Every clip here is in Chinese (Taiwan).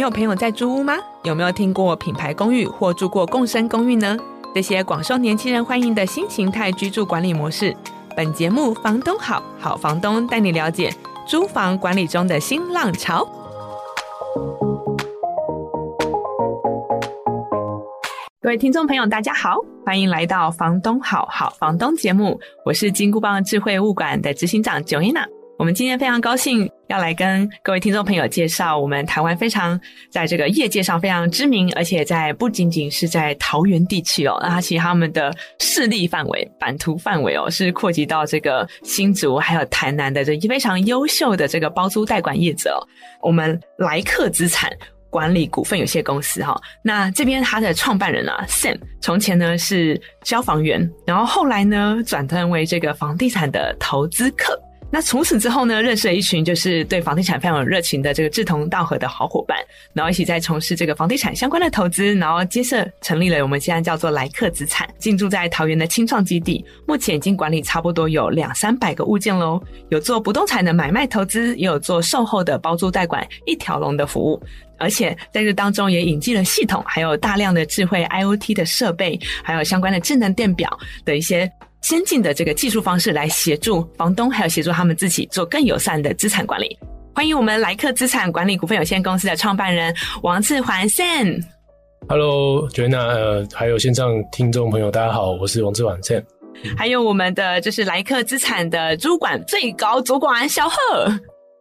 你有朋友在租屋嗎？有沒有聽過品牌公寓或住過共生公寓呢？這些廣受年輕人歡迎的新形態居住管理模式，本節目房東好好房東帶你了解租房管理中的新浪潮。各位聽眾朋友，大家好，歡迎來到房東好好房東節目，我是金箍棒智慧物管的執行長 Joanna。我們今天非常高興要來跟各位聽眾朋友介紹我們台灣非常在這個業界上非常知名，而且在不僅僅是在桃園地區哦，那其實他們的勢力範圍、版圖範圍哦，是擴及到這個新竹還有台南的這一非常優秀的這個包租代管業者哦。我們來客資產管理股份有限公司哈哦，那這邊他的創辦人啊，Sam 從前呢是消防員，然後後來呢轉任為這個房地產的投資客，那從此之後呢，認識了一群就是對房地產非常有熱情的這個志同道合的好夥伴，然後一起在從事這個房地產相關的投資，然後接着成立了我們現在叫做來客資產，進駐在桃園的青創基地，目前已經管理差不多有兩三百個物件嘍，有做不動產的買賣投資，也有做售後的包租代管一條龍的服務，而且在這當中也引進了系統，還有大量的智慧 IOT 的設備，還有相關的智能電表的一些。先進的這個技術方式來協助房東，還有協助他們自己做更友善的資產管理。歡迎我們來客資產管理股份有限公司的創辦人王志桓 Sam。Hello，Joanna、呃，還有線上聽眾朋友，大家好，我是王志桓 Sam。還有我們的就是來客資產的主管最高主管小鶴。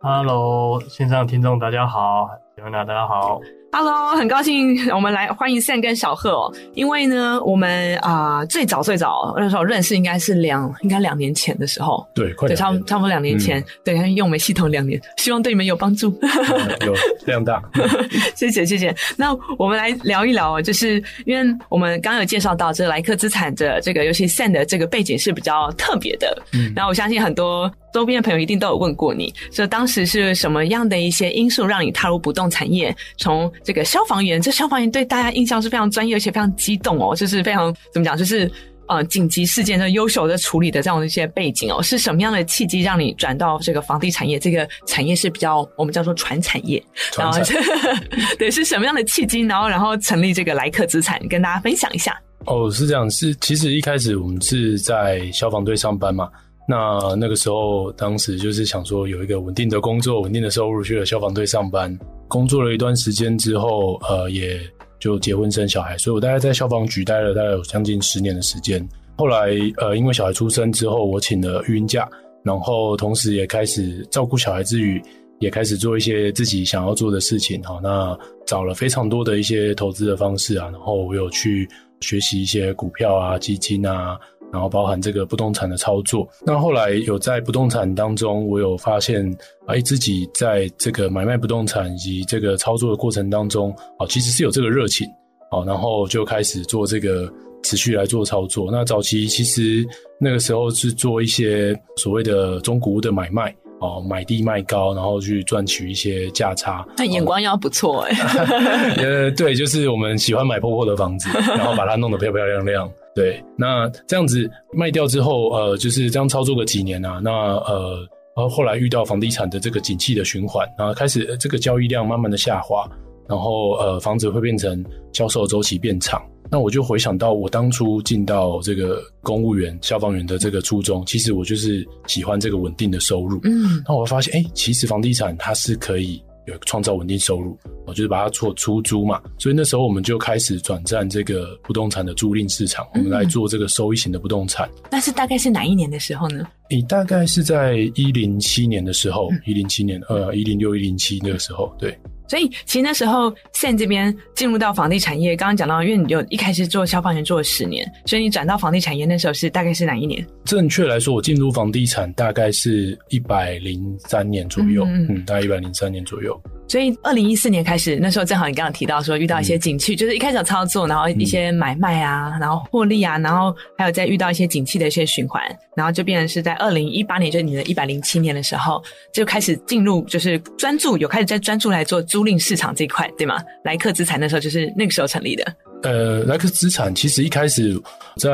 Hello，線上聽眾大家好，Joanna 大家好。哈嘍，很高興我們來歡迎 Sam 跟小鶴哦、喔，因為呢，我們啊、呃、最早最早、喔、那時候認識應，應該是兩應該兩年前的時候，對，差差不多兩年前、嗯，對，用我們系統兩年，希望對你們有幫助， 嗯、有量大，嗯、 謝謝謝謝。那我們來聊一聊、喔、就是因為我們剛剛有介紹到，這來客資產的這個尤其 Sam 的這個背景是比較特別的，嗯，那我相信很多。周邊的朋友一定都有問過你，所以當時是什麼樣的一些因素讓你踏入不動產業？從這個消防員，這消防員對大家印象是非常專業，而且非常激動哦，就是非常怎麼講，就是呃緊急事件的優秀的處理的這樣的一些背景哦，是什麼樣的契機讓你轉到這個房地產業？這個產業是比較我們叫做傳產業，傳產業 對是什麼樣的契機？然後然後成立這個來客資產，跟大家分享一下。哦，是這樣，是其實一開始我們是在消防隊上班嘛。那那個時候，當時就是想說有一個穩定的工作，穩定的收入，去了消防隊上班。工作了一段時間之後，呃，也就結婚生小孩，所以我大概在消防局待了大概有將近十年的時間。後來，呃，因為小孩出生之後，我請了育嬰假，然後同時也開始照顧小孩之餘，也開始做一些自己想要做的事情。好，那找了非常多的一些投資的方式啊，然後我有去學習一些股票啊、基金啊。然後包含這個不動產的操作。那後來有在不動產當中，我有發現，哎，自己在這個買賣不動產以及這個操作的過程當中，哦，其實是有這個熱情，哦，然後就開始做這個持續來做操作。那早期其實那個時候是做一些所謂的中古屋的買賣，哦，買低賣高，然後去賺取一些價差。那眼光要不錯誒、欸、呃， 對，就是我們喜歡買破破的房子，然後把它弄得漂漂亮亮。對，那這樣子賣掉之後，呃，就是這樣操作個幾年啊，那呃，然後後來遇到房地產的這個景氣的循環，然後開始這個交易量慢慢的下滑，然後呃，房子會變成銷售周期變長。那我就回想到我當初進到這個公務員、消防員的這個初衷，其實我就是喜歡這個穩定的收入。嗯，那我發現，哎、欸，其實房地產它是可以。創造穩定收入，我就是把它做出租嘛，所以那時候我們就開始轉戰這個不動產的租賃市場，嗯，我們來做這個收益型的不動產。那是大概是哪一年的時候呢？你、欸，大概是在一零七年的時候，一零七年，呃，一零六一零七那個時候，嗯、對。所以其實那時候 Sam 這邊進入到房地產業，剛剛講到，因為你有一開始做消防員做了十年，所以你轉到房地產業那時候是大概是哪一年？正確來說，我進入房地產大概是一百零三年左右，嗯，嗯大概一百零三年左右。所以二零一四年開始，那時候正好你剛剛提到說遇到一些景氣、嗯，就是一開始有操作，然後一些買賣啊，嗯、然後獲利啊，然後還有再遇到一些景氣的一些循環，然後就變成是在二零一八年，就是你的一百零七年的時候，就開始進入，就是專注有開始在專注來做。租賃市場這一塊，對嗎？來客資產那時候就是那個時候成立的。呃，來客資產其實一開始在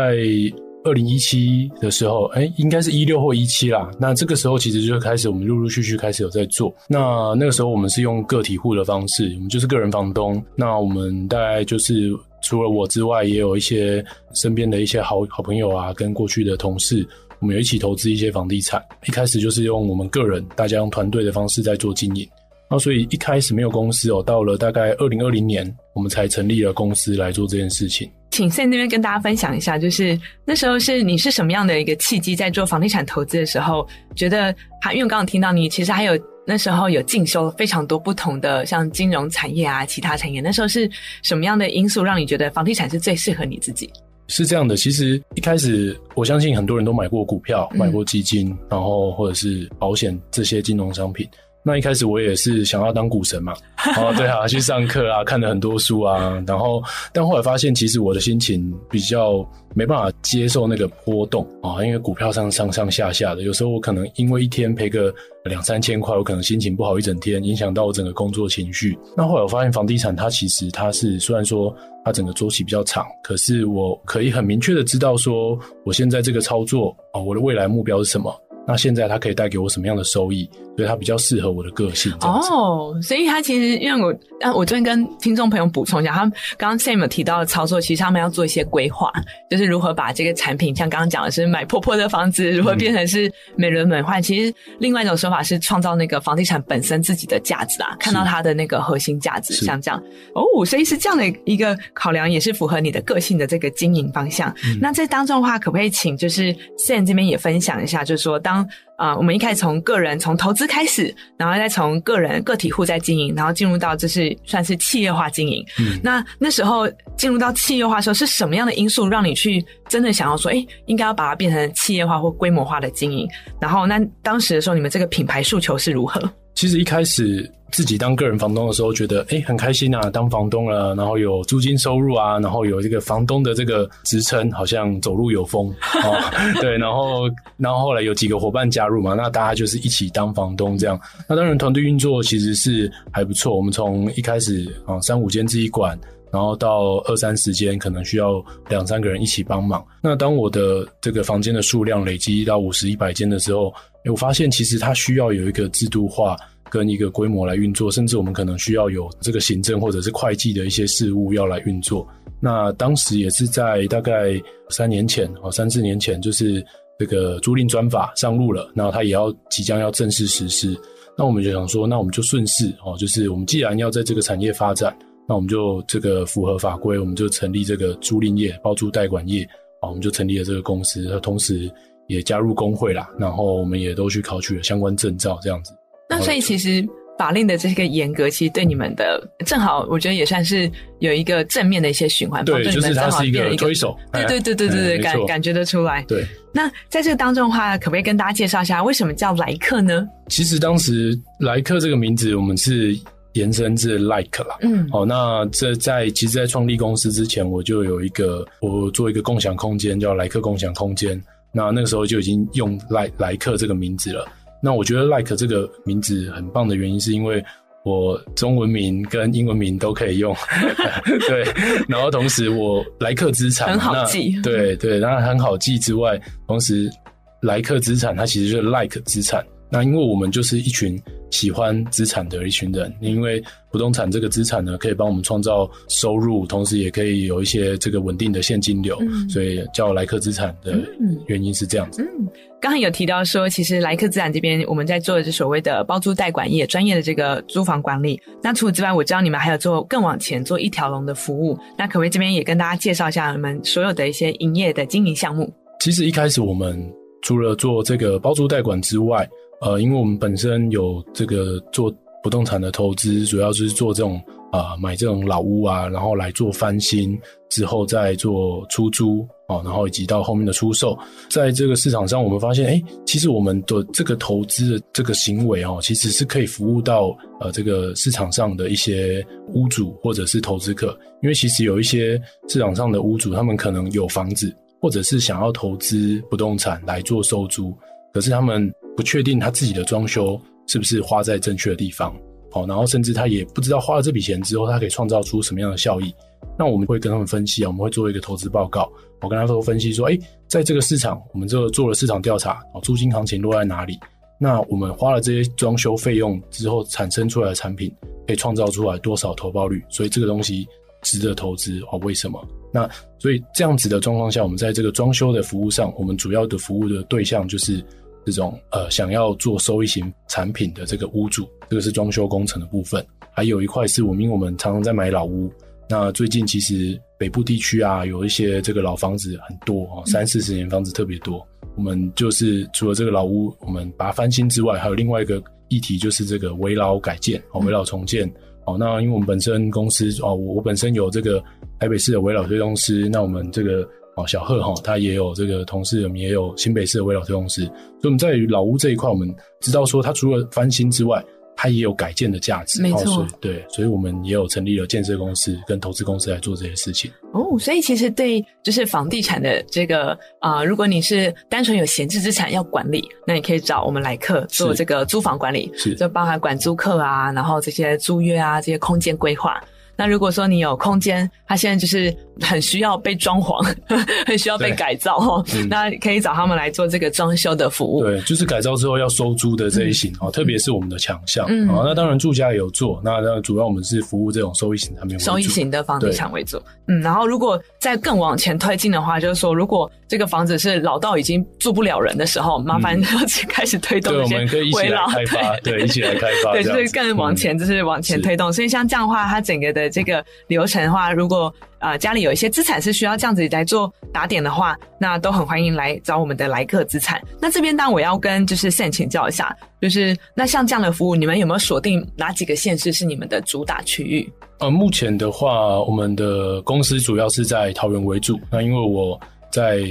二零一七的時候，哎、欸，應該是一六或一七啦。那這個時候其實就開始我們陸陸續續開始有在做。那那個時候我們是用個體戶的方式，我們就是個人房東。那我們大概就是除了我之外，也有一些身邊的一些好好朋友啊，跟過去的同事，我們有一起投資一些房地產。一開始就是用我們個人，大家用團隊的方式在做經營。那、啊、所以一開始沒有公司哦，到了大概二零二零年，我們才成立了公司來做這件事情。請在那邊跟大家分享一下，就是那時候是你是什麼樣的一個契機，在做房地產投資的時候，覺得還、啊、因為我剛剛聽到你其實還有那時候有進修非常多不同的像金融產業啊，其他產業，那時候是什麼樣的因素讓你覺得房地產是最適合你自己？是這樣的，其實一開始我相信很多人都買過股票，嗯、買過基金，然後或者是保險這些金融商品。那一開始我也是想要當股神嘛，哦、 啊、對啊，去上課啊，看了很多書啊，然後但後來發現，其實我的心情比較沒辦法接受那個波動啊，因為股票上上上下下的，有時候我可能因為一天賠個兩三千塊，我可能心情不好一整天，影響到我整個工作情緒。那後來我發現，房地產它其實它是雖然說它整個週期比較長，可是我可以很明確的知道說，我現在這個操作啊，我的未來目標是什麼。那現在它可以帶給我什麼樣的收益？所以它比較適合我的個性。哦，所以它其實因為我、啊、我這邊跟聽眾朋友補充一下，他們剛剛 Sam 有提到的操作，其實他們要做一些規劃、嗯，就是如何把這個產品，像剛剛講的是買破破的房子，如何變成是美輪美奐。其實另外一種說法是創造那個房地產本身自己的價值啊，看到它的那個核心價值，像這樣。哦，所以是這樣的一個考量，也是符合你的個性的這個經營方向、嗯。那在當中的話，可不可以請就是 Sam 這邊也分享一下，就是說當。啊、呃，我們一開始從個人從投資開始，然後再從個人個體戶在經營，然後進入到就是算是企業化經營。嗯，那那時候進入到企業化的時候，是什麼樣的因素讓你去真的想要說，哎、欸，應該要把它變成企業化或規模化的經營？然後，那當時的時候，你們這個品牌訴求是如何？其實一開始自己當個人房東的時候，覺得誒、欸、很開心吶、啊，當房東了，然後有租金收入啊，然後有這個房東的這個職稱，好像走路有風啊、 哦。對，然後然後後來有幾個夥伴加入嘛，那大家就是一起當房東這樣。那當然團隊運作其實是還不錯。我們從一開始啊、哦、三五間自己管。然後到二三十間，可能需要兩三個人一起幫忙。那當我的這個房間的數量累積到五十一百間的時候，哎，我發現其實它需要有一個制度化跟一個規模來運作，甚至我們可能需要有這個行政或者是會計的一些事務要來運作。那當時也是在大概三年前哦，三四年前，就是這個租賃專法上路了，然後它也要即將要正式實施。那我們就想說，那我們就順勢哦，就是我們既然要在這個產業發展。那我們就這個符合法規，我們就成立這個租賃業、包租代管業啊，我們就成立了這個公司，同時也加入工會啦。然後我們也都去考取了相關證照，這樣子。那所以其實法令的這個嚴格，其實對你們的正好，我覺得也算是有一個正面的一些循環，對，對就是它是一個推手。對，對，對，對，對，對，對，感感覺得出來。對。那在這個當中的話，可不可以跟大家介紹一下為什麼叫來客呢？其實當時來客這個名字，我們是。延伸至 Like 啦。嗯，好、哦，那這在其實，在創立公司之前，我就有一個，我做一個共享空間，叫來客共享空間。那那個時候就已經用萊、like, 來客這個名字了。那我覺得 like 這個名字很棒的原因，是因為我中文名跟英文名都可以用， 對。然後同時我，我來客資產很好記，對對，當然很好記之外，同時來客資產它其實就是 Like 資產。那、啊、因為我們就是一群喜歡資產的一群人，因為不動產這個資產呢，可以幫我們創造收入，同時也可以有一些這個穩定的現金流，嗯、所以叫來客資產的原因是這樣子。剛、嗯、剛、嗯、有提到說，其實來客資產這邊我們在做的是所謂的包租代管業，專業的這個租房管理。那除此之外，我知道你們還有做更往前做一條龍的服務。那可不可以這邊也跟大家介紹一下你們所有的一些營業的經營項目？其實一開始我們除了做這個包租代管之外，呃，因為我們本身有這個做不動產的投資，主要就是做這種啊、呃，買這種老屋啊，然後來做翻新之後再做出租啊、哦，然後以及到後面的出售，在這個市場上，我們發現，哎，其實我們的這個投資的這個行為哦，其實是可以服務到呃這個市場上的一些屋主或者是投資客，因為其實有一些市場上的屋主，他們可能有房子，或者是想要投資不動產來做收租，可是他們，不確定他自己的裝修是不是花在正確的地方，好，然後甚至他也不知道花了這筆錢之後，他可以創造出什麼樣的效益。那我們會跟他們分析啊，我們會做一個投資報告。我跟他說分析說，誒，在這個市場，我們這個做了市場調查，租金行情落在哪裡？那我們花了這些裝修費用之後，產生出來的產品可以創造出來多少投報率？所以這個東西值得投資哦？為什麼？那所以這樣子的狀況下，我們在這個裝修的服務上，我們主要的服務的對象就是，這種呃，想要做收益型產品的這個屋主，這個是裝修工程的部分，還有一塊是我們，因為我們常常在買老屋，那最近其實北部地區啊，有一些這個老房子很多哦，三四十年房子特別多，嗯，我們就是除了這個老屋，我們把它翻新之外，還有另外一個議題就是這個危老改建哦，危、嗯、老重建哦，那因為我們本身公司哦，我，我本身有這個台北市的危老推動師。那我們這個。哦，小鶴哈、哦，他也有這個同事，我們也有新北市的威老特公司，所以我們在老屋這一塊，我們知道說它除了翻新之外，它也有改建的價值，沒錯，對，所以我們也有成立了建設公司跟投資公司來做這些事情。哦，所以其實對，就是房地產的這個啊、呃，如果你是單純有閒置資產要管理，那你可以找我們來客做這個租房管理，是，是就包含管租客啊，然後這些租約啊，這些空間規劃。那如果說你有空間，他現在就是很需要被裝潢呵呵，很需要被改造哦、喔嗯。那可以找他們來做這個裝修的服務。對，就是改造之後要收租的這一型哦、嗯，特別是我們的強項啊。那當然住家也有做，那那主要我們是服務這種收益型產品，收益型的房地產為主。嗯，然後如果再更往前推進的話，就是說如果這個房子是老到已經住不了人的時候，麻煩要開始推動、嗯、對我們可以一起來開發，對，對，一起來開發，對，就是更往前，嗯、就是往前推動。所以像這樣的話，它整個的。這個流程的話，如果呃家裡有一些資產是需要這樣子來做打點的話，那都很歡迎來找我們的來客資產。那這邊，當然我要跟就是 Sam 請教一下，就是那像這樣的服務，你們有沒有鎖定哪幾個縣市是你們的主打區域？呃，目前的話，我們的公司主要是在桃園為主。那因為我在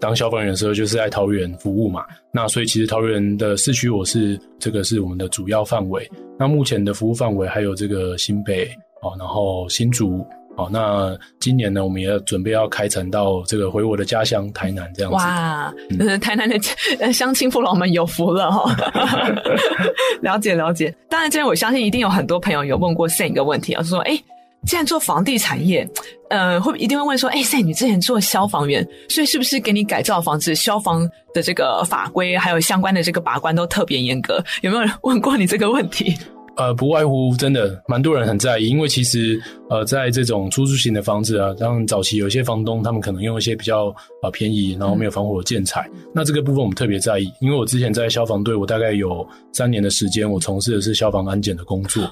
當消防員的時候就是在桃園服務嘛，那所以其實桃園的市區我是這個是我們的主要範圍。那目前的服務範圍還有這個新北。哦，然後新竹，哦，那今年呢，我們也準備要開城到這個回我的家鄉台南這樣子。哇，是、嗯、台南的鄉親父老們有福了哈、喔。 了解了解。當然，這我相信一定有很多朋友有問過 Sam 一個問題，就是說，哎、欸，既然做房地產業，呃，會，不會一定會問說，哎、欸、，Sam 你之前做消防員，所以是不是給你改造房子消防的這個法規還有相關的這個把關都特別嚴格？有沒有人問過你這個問題？呃，不外乎真的蠻多人很在意，因為其實呃，在這種出租型的房子啊，像早期有些房東，他們可能用一些比較啊便宜，然後沒有防火建材、嗯，那這個部分我們特別在意，因為我之前在消防隊，我大概有三年的時間，我從事的是消防安檢的工作，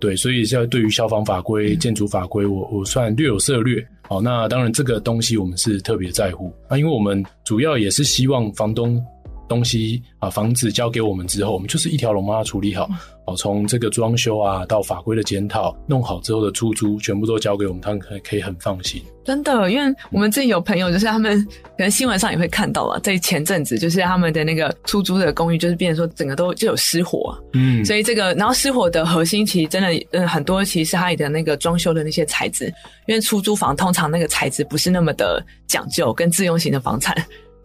對，所以現在對於消防法規、嗯、建築法規，我我算略有涉獵，好、哦，那當然這個東西我們是特別在乎，那、啊、因為我們主要也是希望房東。東西啊，房子交給我們之後，我們就是一條龍把它處理好。好、嗯，從這個裝修啊到法規的檢討，弄好之後的出租，全部都交給我們，他們可以很放心。真的，因為我們自己有朋友，就是他們可能新聞上也會看到啊，在前陣子就是他們的那個出租的公寓，就是變成說整個都就有失火。嗯，所以這個然後失火的核心其實真的，嗯，很多其實是它裡的那個裝修的那些材質，因為出租房通常那個材質不是那麼的講究，跟自用型的房產。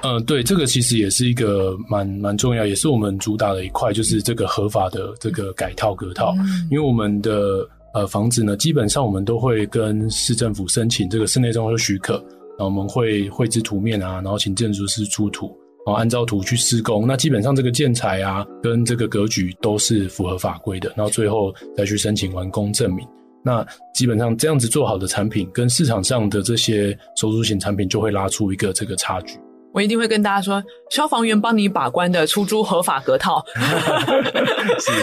嗯、呃，對，這個其實也是一個蠻蠻重要，也是我們主打的一塊，就是這個合法的這個改套格套、嗯。因為我們的呃房子呢，基本上我們都會跟市政府申請這個室內裝修許可，然後我們會繪製圖面啊，然後請建築師出圖，然後按照圖去施工。那基本上這個建材啊，跟這個格局都是符合法規的，然後最後再去申請完工證明。那基本上這樣子做好的產品，跟市場上的這些收租型產品就會拉出一個這個差距。我一定會跟大家說，消防員幫你把關的出租合法格套，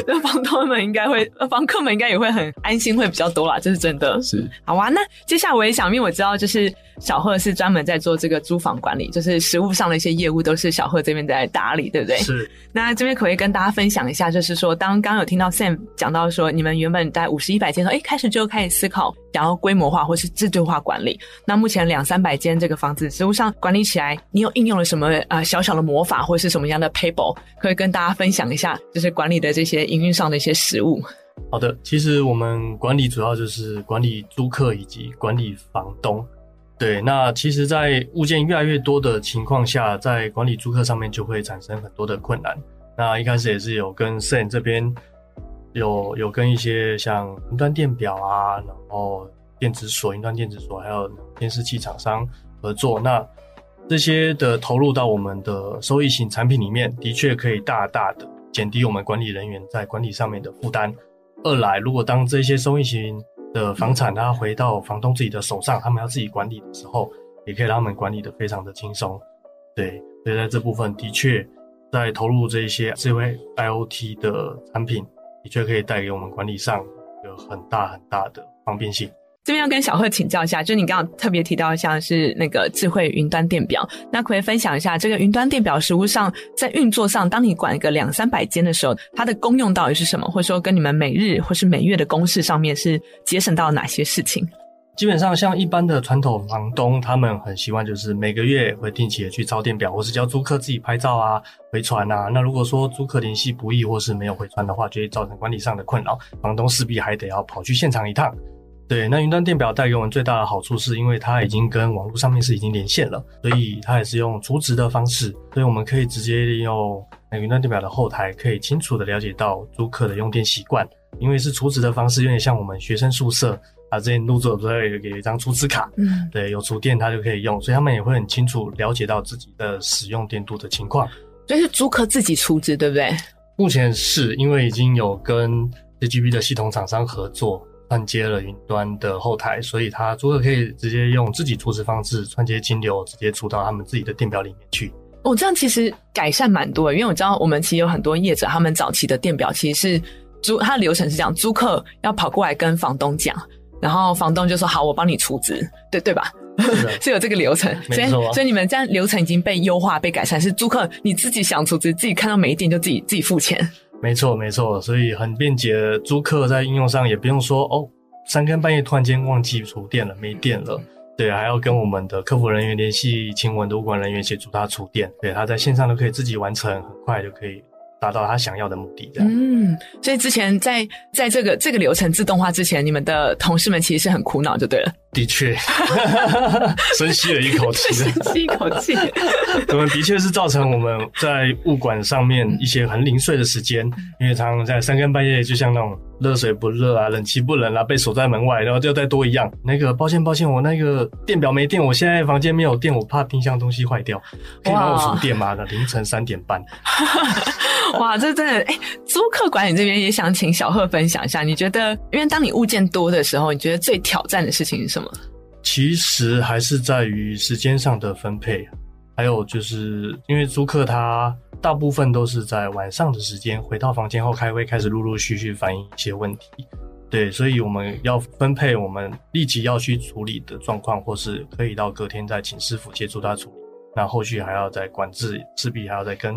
那 是 房東們應該會，房客們應該也會很安心，會比較多啦，這、就是真的。是好啊，那接下來我也想，因為我知道就是。小鶴是專門在做這個租房管理，就是實務上的一些業務都是小鶴這邊在打理，對不對？是。那這邊可，可以跟大家分享一下，就是說當剛剛有聽到 Sam 講到說，你們原本在五十、一百間，哎、欸，開始就開始思考，想要規模化或是制度化管理。那目前兩三百間這個房子，實務上管理起來，你有應用了什麼啊、呃、小小的魔法，或是什麼樣的 table 可以跟大家分享一下，就是管理的這些營運上的一些實務。好的，其實我們管理主要就是管理租客以及管理房東。對，那其實，在物件越來越多的情況下，在管理租客上面就會產生很多的困難。那一開始也是有跟森聯這邊有，有有跟一些像雲端電錶啊，然後電子鎖、雲端電子鎖，還有電視機廠商合作。那這些的投入到我們的收益型產品裡面，的確可以大大的減低我們管理人員在管理上面的負擔。二來，如果當這些收益型的房產，它回到房東自己的手上，他們要自己管理的時候，也可以讓他們管理得非常的輕鬆。對，所以在這部分的確，在投入這些智慧 IOT 的產品，的確可以帶給我們管理上一個很大很大的方便性。這邊要跟小鶴請教一下，就你剛剛特別提到，像是那個智慧雲端電表，那可，可以分享一下這個雲端電表實物上在運作上，當你管一個兩三百間的時候，它的功用到底是什麼，或者說跟你們每日或是每月的公式上面是節省到哪些事情？基本上像一般的傳統房東，他們很希望就是每個月會定期的去抄電表，或是叫租客自己拍照啊回傳啊。那如果說租客聯繫不易或是沒有回傳的話，就會造成管理上的困擾，房東勢必還得要跑去現場一趟。對，那雲端電表帶給我們最大的好處是，因為它已經跟網絡上面是已經連線了，所以它也是用儲值的方式，所以我們可以直接利用那雲端電表的後台，可以清楚的了解到租客的用電習慣。因為是儲值的方式，有點像我們學生宿舍啊，之前入住的時候也給一張儲值卡，嗯，對，有儲電他就可以用，所以他們也會很清楚了解到自己的使用電度的情況。所以是租客自己儲值，對不對？目前是因為已經有跟 JGB 的系統廠商合作。串接了雲端的後台，所以他租客可以直接用自己出資方式串接金流，直接出到他們自己的電表裡面去。哦，這樣其實改善蠻多，因為我知道我們其實有很多業者，他們早期的電表其實是租，他的流程是這樣，租客要跑過來跟房東講，然後房東就說好，我幫你出資，對對吧？是， 是有這個流程，所以所以你們這樣流程已經被優化、被改善，是租客你自己想出資，自己看到沒電就自己自己付錢。沒錯，沒錯，所以很便捷。租客在應用上也不用說哦，三更半夜突然間忘記儲電了，沒電了，對，還要跟我們的客服人員聯繫，請我們的物管人員協助他儲電，對，他在線上都可以自己完成，很快就可以。達到他想要的目的的。嗯，所以之前在在這個這個流程自動化之前，你們的同事們其實是很苦惱，就對了。的確， 深吸了一口氣， 深吸一口氣。 我們的確是造成我們在物管上面一些很零碎的時間，因為常常在三更半夜就像那種。熱水不熱啊，冷氣不冷啊，被鎖在門外，然後就再多一樣。那個抱歉抱歉，我那個電表沒電，我現在房間沒有電，我怕冰箱東西壞掉，可以幫我充電嗎？那凌晨三點半。 哇，這真的、欸、租客管理這邊也想請小鶴分享一下，你覺得，因為當你物件多的時候，你覺得最挑戰的事情是什麼？其實還是在於時間上的分配，還有就是因為租客他。大部分都是在晚上的時間，回到房間後開會，開始陸陸續續反映一些問題。對，所以我們要分配我們立即要去處理的狀況，或是可以到隔天再請師傅協助他處理。那後續還要再管制，勢必還要再跟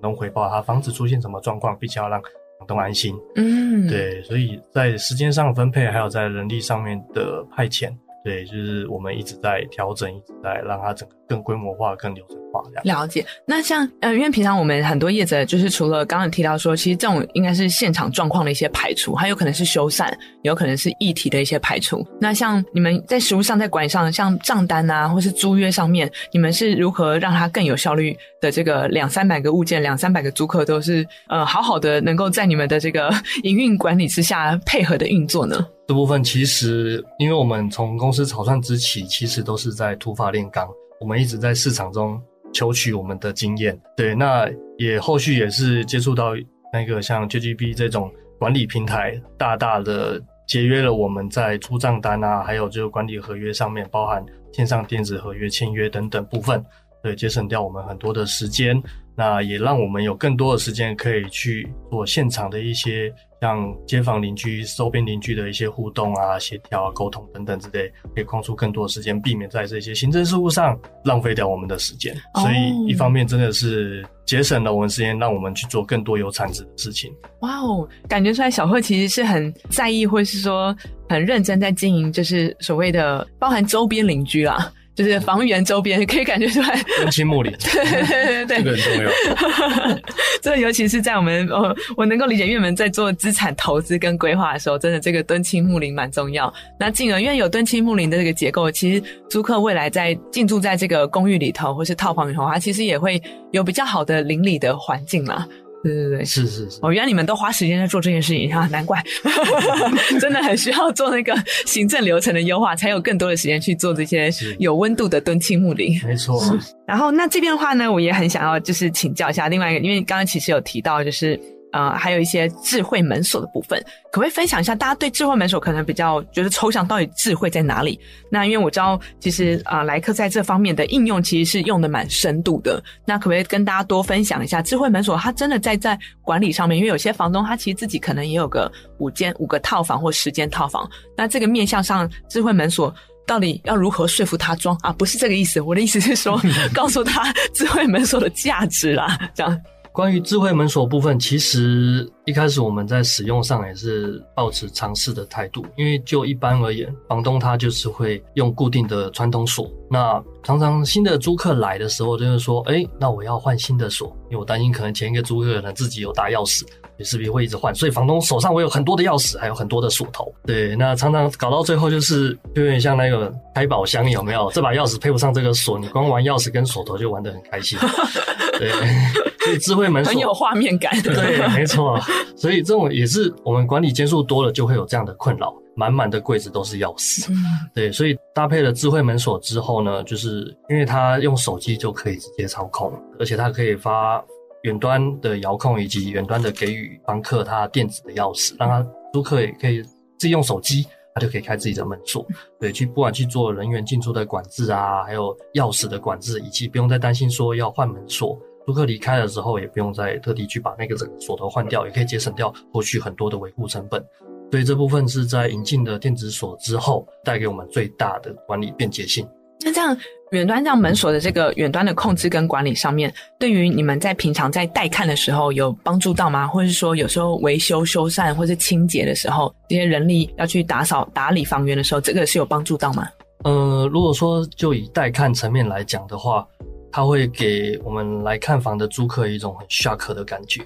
房東匯報，他房子出現什麼狀況，必須要讓房東安心。嗯，對，所以在時間上分配，還有在人力上面的派遣，對，就是我們一直在調整，一直在讓他整個更規模化、更流程。啊、了解，那像呃，因為平常我們很多業者，就是除了剛剛提到說，其實這種應該是現場狀況的一些排除，還有可能是修繕，也有可能是議題的一些排除。那像你們在實務上、在管理上，像賬單啊，或是租約上面，你們是如何讓它更有效率的？這個兩三百個物件，兩三百個租客都是呃，好好的能夠在你們的這個營運管理之下配合的運作呢？這部分其實，因為我們從公司草創之起，其實都是在土法煉鋼，我們一直在市場中。求取我們的經驗，對，那也後續也是接觸到那個像 JGB 這種管理平台，大大的節約了我們在出賬單啊，還有這個管理合約上面，包含線上電子合約簽約等等部分，對，節省掉我們很多的時間。那也讓我們有更多的時間可以去做現場的一些，像街坊鄰居、週邊鄰居的一些互動啊、協調啊、溝通等等之類，可以空出更多的時間，避免在這些行政事務上浪費掉我們的時間。Oh, 所以，一方面真的是節省了我們時間，讓我們去做更多有產值的事情。哇哦，感覺出來小鶴其實是很在意，或是說很認真在經營，就是所謂的包含週邊鄰居啦。就是房源周邊可以感覺出來，敦親睦鄰 對對對對， 這個很重要。 這尤其是在我們我、哦，我能夠理解，因為我們在做資產投資跟規劃的時候，真的這個敦親睦鄰蠻重要。那進而因為有敦親睦鄰的這個結構，其實租客未來在進駐在這個公寓裡頭或是套房裡頭，他其實也會有比較好的鄰里的環境嘛。對對對，是是是，哦，原來你們都花時間在做這件事情哈，難怪， 真的很需要做那個行政流程的優化，才有更多的時間去做這些有溫度的敦親睦鄰。沒錯啊。然後那這邊的話呢，我也很想要就是請教一下另外一個，因為剛剛其實有提到就是。呃，還有一些智慧門鎖的部分，可不可以分享一下？大家對智慧門鎖可能比較覺得、就是、抽象，到底智慧在哪裡？那因為我知道，其實啊，呃、來客在這方面的應用其實是用的蠻深度的。那可不可以跟大家多分享一下智慧門鎖？它真的在在管理上面，因為有些房東他其實自己可能也有個五間五個套房或十間套房，那這個面向上智慧門鎖到底要如何說服他裝？啊，不是這個意思，我的意思是說， 告訴他智慧門鎖的價值啦，這樣。關於智慧門鎖部分，其實一開始我們在使用上也是抱持嘗試的態度，因為就一般而言，房東他就是會用固定的傳統鎖，那常常新的租客來的時候，就是說，哎、欸，那我要換新的鎖，因為我擔心可能前一個租客呢自己有打鑰匙。會一直換，所以房東手上我有很多的鑰匙，還有很多的鎖頭。對，那常常搞到最後就是就有點像那個開寶箱，有沒有？這把鑰匙配不上這個鎖，你光玩鑰匙跟鎖頭就玩得很開心。對，所以智慧門鎖 很有畫面感。對，沒錯。所以這種也是我們管理間數多了就會有這樣的困擾，滿滿的櫃子都是鑰匙。對。所以搭配了智慧門鎖之後呢，就是因為它用手機就可以直接操控，而且它可以發。遠端的遙控以及遠端的給予房客他電子的鑰匙，讓他租客也可以自己用手機，他就可以開自己的門鎖，對，去不管去做人員進出的管制啊，還有鑰匙的管制，以及不用再擔心說要換門鎖，租客離開的時候也不用再特地去把那個鎖頭換掉，也可以節省掉後續很多的維護成本，所以這部分是在引進的電子鎖之後帶給我們最大的管理便捷性。那這樣遠端這樣門鎖的這個遠端的控制跟管理上面，對於你們在平常在帶看的時候有幫助到嗎？或者是說有時候維修修繕或者清潔的時候，這些人力要去打掃打理房源的時候，這個是有幫助到嗎？呃，如果說就以帶看層面來講的話，它會給我們來看房的租客一種很 shock 的感覺。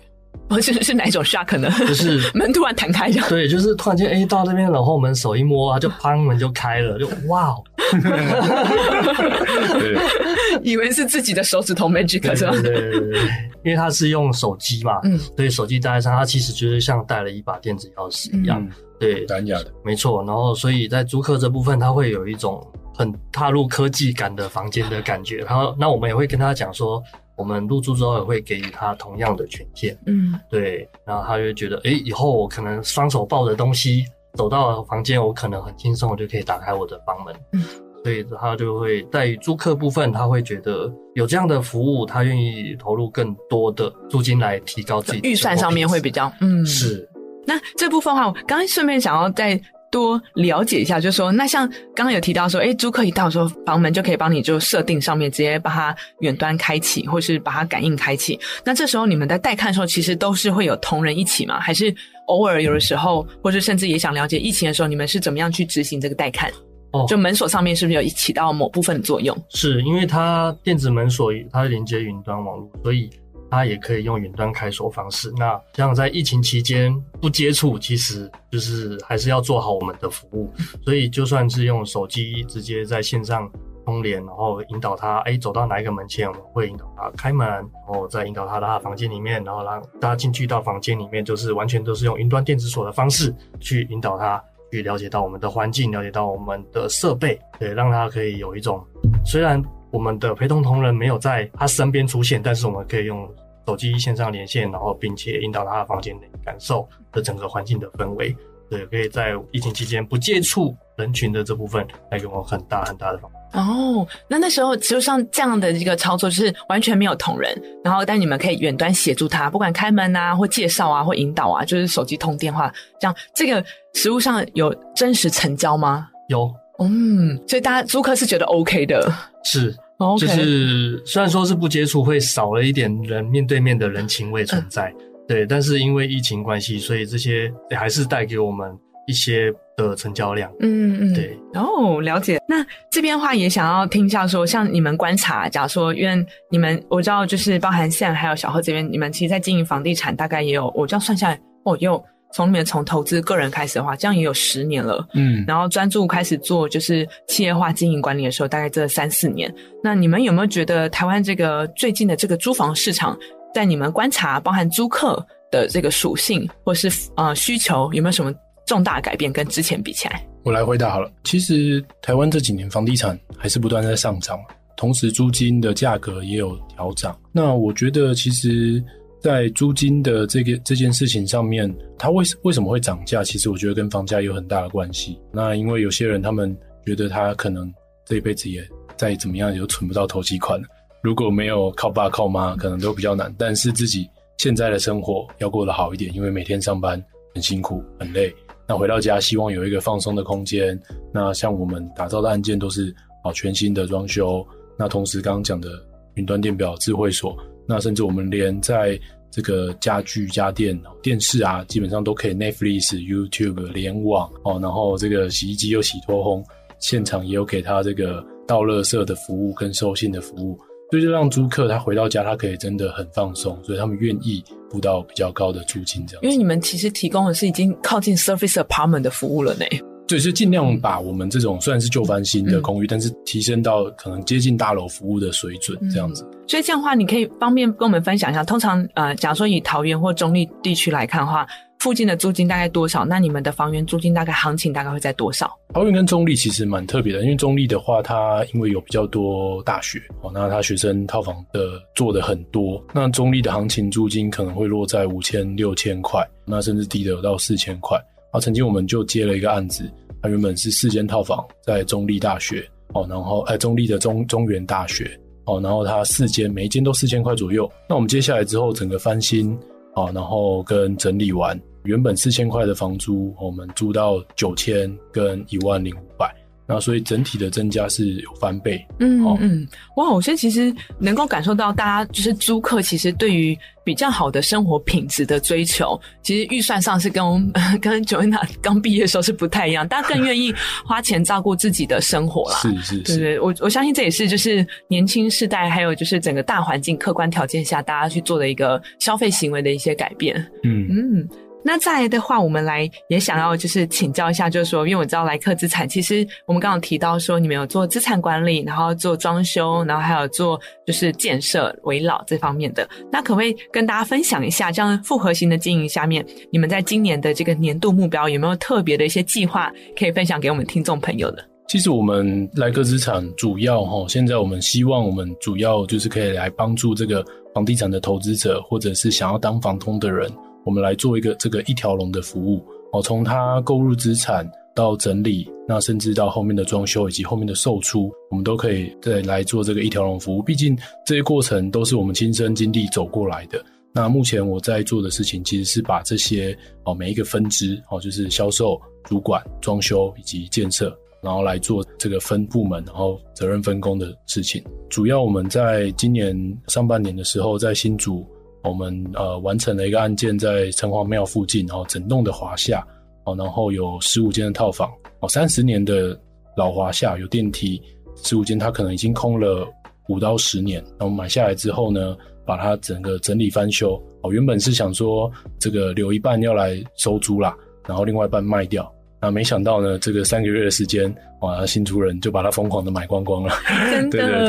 不是，是哪一種 shock 呢？就是門突然彈開這樣。對，就是突然間哎、欸、到這邊，然後門手一摸啊，它就砰，門就開了，就哇。哈哈哈哈哈哈！以為是自己的手指頭 Magic 是吧？對對對對，因為他是用手機嘛，嗯，對，手機帶上，他其實就是像帶了一把電子鑰匙一樣，對，真的假的？沒錯。然後，所以在租客這部分，他會有一種很踏入科技感的房間的感覺。然後，那我們也會跟他講說，我們入住之後也會給予他同樣的權限，嗯，對。然後他就覺得，哎，以後我可能雙手抱着東西。走到房間，我可能很輕鬆，我就可以打開我的房門。嗯，所以他就會在於租客部分，他會覺得有這樣的服務，他願意投入更多的租金來提高自己。預算上面會比較，嗯是。那這部分話，我剛剛順便想要在。多了解一下，就說那像剛剛有提到說，哎，租客一到時候，房門就可以幫你就設定上面，直接把它遠端開啟，或是把它感應開啟。那這時候你們在帶看的時候，其實都是會有同仁一起嗎？還是偶爾有的時候，或是甚至也想了解疫情的時候，你們是怎麼樣去執行這個帶看？哦，就門鎖上面是不是有起到某部分的作用？是因為它電子門鎖，它連接雲端網絡，所以。他也可以用雲端開鎖方式。那這樣在疫情期間不接觸，其實就是還是要做好我們的服務。所以就算是用手機直接在線上通聯，然後引導他，哎、欸，走到哪一個門前，我們會引導他開門，然後再引導他到他的房間裡面，然後讓大家進去到房間裡面，就是完全都是用雲端電子鎖的方式去引導他去了解到我們的環境，了解到我們的設備，對，讓他可以有一種雖然我們的陪同同仁沒有在他身邊出現，但是我們可以用。手機線上連線，然後並且引導他的房間內感受的整個環境的氛圍，對，可以在疫情期間不接觸人群的這部分，帶給我很大很大的幫助。哦，那那時候其實像這樣的一個操作，就是完全沒有捅人，然後但你們可以遠端協助他，不管開門啊，或介紹啊，或引導啊，就是手機通電話這樣。這個實務上有真實成交嗎？有，嗯，所以大家租客是覺得 OK 的，是。就是雖然說是不接觸，會少了一點人面對面的人情味存在，嗯、對。但是因為疫情關係，所以這些、欸、還是帶給我們一些的成交量。嗯嗯，對。然後、哦、了解，那這邊話也想要聽一下說，說像你們觀察，假如說因為你們，我知道就是包含 Sam 還有小鶴，這邊，你們其實，在經營房地產，大概也有我這樣算下來，哦，有。從裡面從投資個人開始的話，這樣也有十年了。嗯，然後專注開始做就是企業化經營管理的時候，大概這三四年。那你們有沒有覺得台灣這個最近的這個租房市場，在你們觀察，包含租客的這個屬性或是呃需求，有沒有什麼重大改變跟之前比起來？我來回答好了。其實台灣這幾年房地產還是不斷在上漲，同時租金的價格也有調漲。那我覺得其實。在租金的這個這件事情上面，它為為什麼會漲價？其實我覺得跟房價有很大的關係。那因為有些人他們覺得他可能這一輩子也再怎麼樣也就存不到頭期款了，如果沒有靠爸靠媽，可能都比較難。但是自己現在的生活要過得好一點，因為每天上班很辛苦很累，那回到家希望有一個放鬆的空間。那像我們打造的案件都是哦全新的裝修。那同時剛剛講的雲端電表智慧鎖。那甚至我們連在這個家具家電、電視啊，基本上都可以 Netflix、YouTube 聯網哦。然後這個洗衣機又洗脫烘，現場也有給他這個倒垃圾的服務跟收信的服務，所以就讓租客他回到家，他可以真的很放鬆。所以他們願意付到比較高的租金這樣子。因為你們其實提供的是已經靠近 service apartment 的服務了呢。對，就盡量把我們這種雖然是舊翻新的公寓，嗯，但是提升到可能接近大樓服務的水準這樣子。嗯、所以這樣的話，你可以方便跟我們分享一下，通常呃，假如說以桃園或中壢地區來看的話，附近的租金大概多少？那你們的房源租金大概行情大概會在多少？桃園跟中壢其實蠻特別的，因為中壢的話，它因為有比較多大學，哦，那它學生套房的做的很多。那中壢的行情租金可能會落在五千、六千塊，那甚至低的有到四千塊。啊，曾經我們就接了一個案子，它原本是四間套房，在中立大學，哦，然後哎，中立的中中原大學，哦，然後它四間，每一間都四千塊左右。那我們接下來之後，整個翻新，啊、哦，然後跟整理完，原本四千塊的房租，我們租到九千跟一萬零五百。然後所以整體的增加是有翻倍，嗯、哦、嗯，哇，我覺得其實能夠感受到，大家就是租客，其實對於比較好的生活品質的追求，其實預算上是跟呵呵跟 Joanna 剛畢業的時候是不太一樣，大家更願意花錢照顧自己的生活啦，是 是是，是是對對，我我相信這也是就是年輕世代，還有就是整個大環境客觀條件下，大家去做的一個消費行為的一些改變，嗯嗯。那再來的話，我們來也想要就是請教一下，就是說，因為我知道來客資產，其實我們剛剛提到說，你們有做資產管理，然後做裝修，然後還有做就是建設、危老這方面的。那可不可以跟大家分享一下，這樣複合型的經營下面，你們在今年的這個年度目標有沒有特別的一些計劃可以分享給我們聽眾朋友的？其實我們來客資產主要齁，現在我們希望我們主要就是可以來幫助這個房地產的投資者，或者是想要當房東的人。我們來做一個這個一條龍的服務，從它購入資產到整理，那甚至到後面的裝修以及後面的售出，我們都可以再來做這個一條龍服務。畢竟這些過程都是我們親身經歷走過來的。那目前我在做的事情，其實是把這些哦每一個分支哦，就是銷售、主管、裝修以及建設，然後來做這個分部門，然後責任分工的事情。主要我們在今年上半年的時候，在新竹。我們呃，完成了一個案件，在城隍廟附近，然後整棟的華廈，哦，然後有十五間的套房，哦，三十年的老華廈，有電梯，十五間它可能已經空了五到十年，然後買下來之後呢，把它整個整理翻修，哦，原本是想說這個留一半要來收租啦，然後另外一半賣掉。那、啊、沒想到呢，這個三個月的時間，哇，新竹人就把它瘋狂的買光光了。真的， 對,對,對,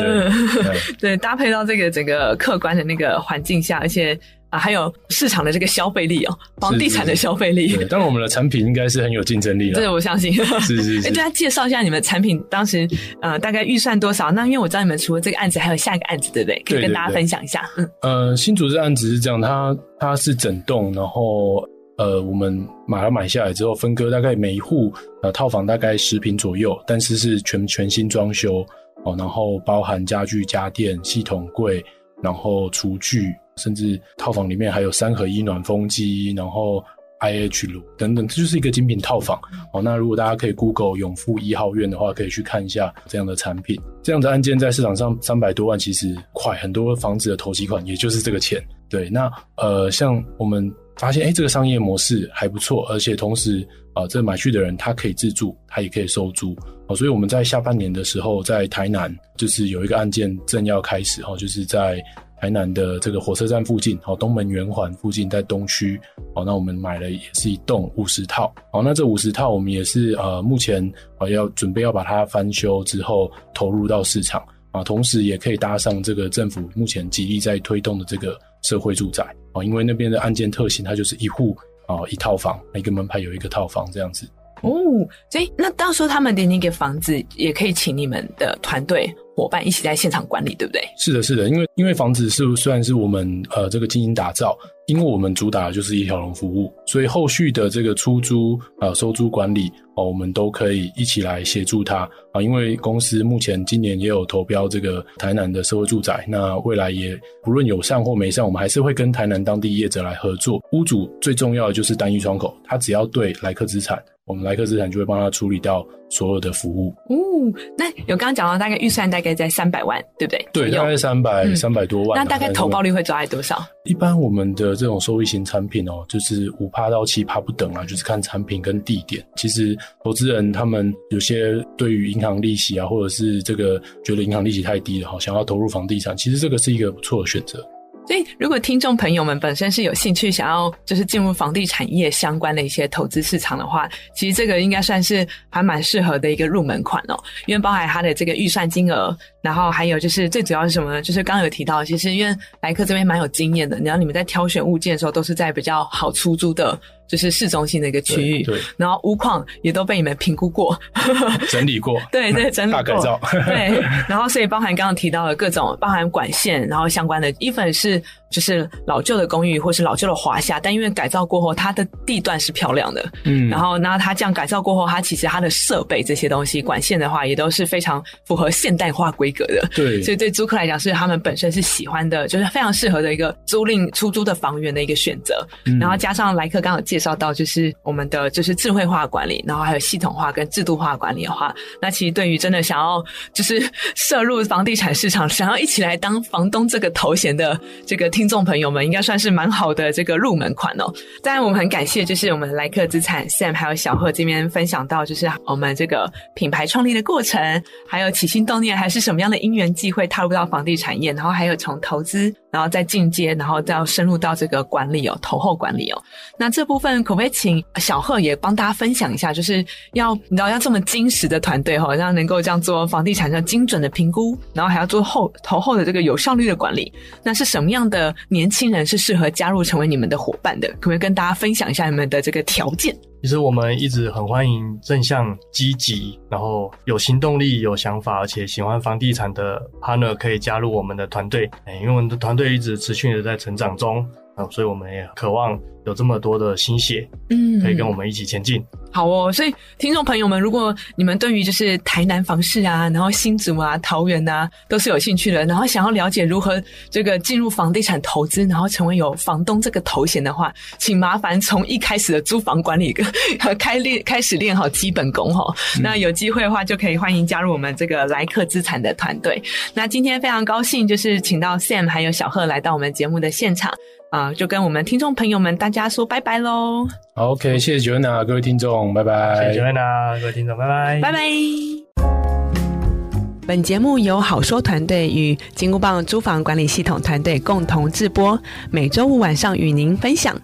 對, 對，搭配到這個整個客觀的那個環境下，而且啊，還有市場的這個消費力哦，房地產的消費力是是是。對，當然我們的產品應該是很有競爭力的。這 個我相信。 是,是,是是。哎、欸，對，介紹一下你們的產品，當時呃，大概預算多少？那因為我知道你們除了這個案子，還有下一個案子，對不對？可以跟大家分享一下。對對對嗯，呃，新竹這案子是這樣，它它是整棟，然後。呃，我們把它買下來之後分割，大概每一戶呃套房大概十平左右，但是是全全新裝修哦，然後包含家具、家電、系統櫃，然後廚具，甚至套房裡面還有三合一暖風機，然後 IH 爐等等，這就是一個精品套房哦。那如果大家可以 Google 永富一號院的話，可以去看一下這樣的產品。這樣的案件在市場上三百多萬其實快很多房子的頭期款，也就是這個錢。對，那呃，像我們。發現哎、欸，這個商業模式還不錯，而且同時啊、呃，這買去的人他可以自住，他也可以收租，啊、哦，所以我們在下半年的時候，在台南就是有一個案件正要開始，哦，就是在台南的這個火車站附近，哦，東門圓環附近，在東區，哦，那我們買了也是一棟五十套，哦，那這五十套我們也是呃，目前啊要準備要把它翻修之後投入到市場，啊、哦，同時也可以搭上這個政府目前極力在推動的這個。社會住宅啊，因為那邊的案件特性，它就是一戶啊一套房，一個門牌有一個套房這樣子哦。所以那到時候他們給你一個房子，也可以請你們的團隊。夥伴一起在現場管理，對不對？是的，是的，因為因為房子是雖然是我們呃這個經營打造，因為我們主打的就是一條龍服務，所以後續的這個出租啊、呃、收租管理哦，我們都可以一起來協助他啊。因為公司目前今年也有投標這個台南的社會住宅，那未來也不論有上或沒上，我們還是會跟台南當地業者來合作。屋主最重要的就是單一窗口，他只要對來客資產，我們來客資產就會幫他處理掉。所有的服務哦，那有剛剛講到，大概預算大概在三百萬、嗯，對不對？對，大概三百三百多萬、啊。那大概投報率會抓在多少？一般我們的這種收益型產品哦、喔，就是五趴到七趴不等啊，就是看產品跟地點。其實投資人他們有些對於銀行利息啊，或者是這個覺得銀行利息太低了，哈，想要投入房地產，其實這個是一個不錯的選擇。所以，如果聽眾朋友們本身是有興趣想要就是進入房地產業相關的一些投資市場的話，其實這個應該算是還蠻適合的一個入門款哦，因為包含它的這個預算金額，然後還有就是最主要是什麼呢？就是剛剛有提到，其實因為來客這邊蠻有經驗的，然後你們在挑選物件的時候都是在比較好出租的。就是市中心的一個區域。對，對，然後屋況也都被你們評估過、整理過， 對，對，嗯、整理過，大改造，對，然後所以包含剛剛提到的各種，包含管線，然後相關的，一份是。就是老舊的公寓，或是老舊的華廈，但因為改造過後，它的地段是漂亮的。嗯，然後那它這樣改造過後，它其實它的設備這些東西、管線的話，也都是非常符合現代化規格的。對，所以對租客來講，是他們本身是喜歡的，就是非常適合的一個租賃出租的房源的一個選擇。嗯，然後加上來客剛有介紹到，就是我們的就是智慧化管理，然後還有系統化跟制度化管理的話，那其實對於真的想要就是涉入房地產市場，想要一起來當房東這個頭銜的這個。聽眾朋友們，應該算是蠻好的這個入門款哦。當然，我們很感謝，就是我們來客資產 Sam 還有小鶴這邊分享到，就是我們這個品牌創立的過程，還有起心動念，還是什麼樣的因緣際會踏入到房地產業，然後還有從投資。然後再進階，然後再要深入到這個管理哦，投後管理哦。那這部分可不可以請小鶴也幫大家分享一下？就是要你知道要這麼精實的團隊哈、哦，要能夠這樣做房地產上精準的評估，然後還要做後投後的這個有效率的管理。那是什麼樣的年輕人是適合加入成為你們的伙伴的？可不可以跟大家分享一下你們的這個條件？其實我們一直很歡迎正向、積極，然後有行動力、有想法，而且喜歡房地產的 partner 可以加入我們的團隊，因為我們的團隊一直持續的在成長中。好、哦、所以我們也渴望有這麼多的新血，嗯，可以跟我們一起前進。好哦，所以聽眾朋友們，如果你們對於就是台南房市啊，然後新竹啊、桃園啊，都是有興趣的，然後想要了解如何這個進入房地產投資，然後成為有房東這個頭銜的話，請麻煩從一開始的租房管理開練 開始練好基本功哈、嗯。那有機會的話，就可以歡迎加入我們這個來客資產的團隊。那今天非常高興，就是請到 Sam 還有小鶴來到我們節目的現場。啊、呃，就跟我們聽眾朋友們大家說拜拜嘍！OK，謝謝 Joanna，各位聽眾，拜拜！謝謝 Joanna，各位聽眾，拜拜！拜拜！本節目由好說團隊與金箍棒租房管理系統團隊共同製播，每週五晚上與您分享。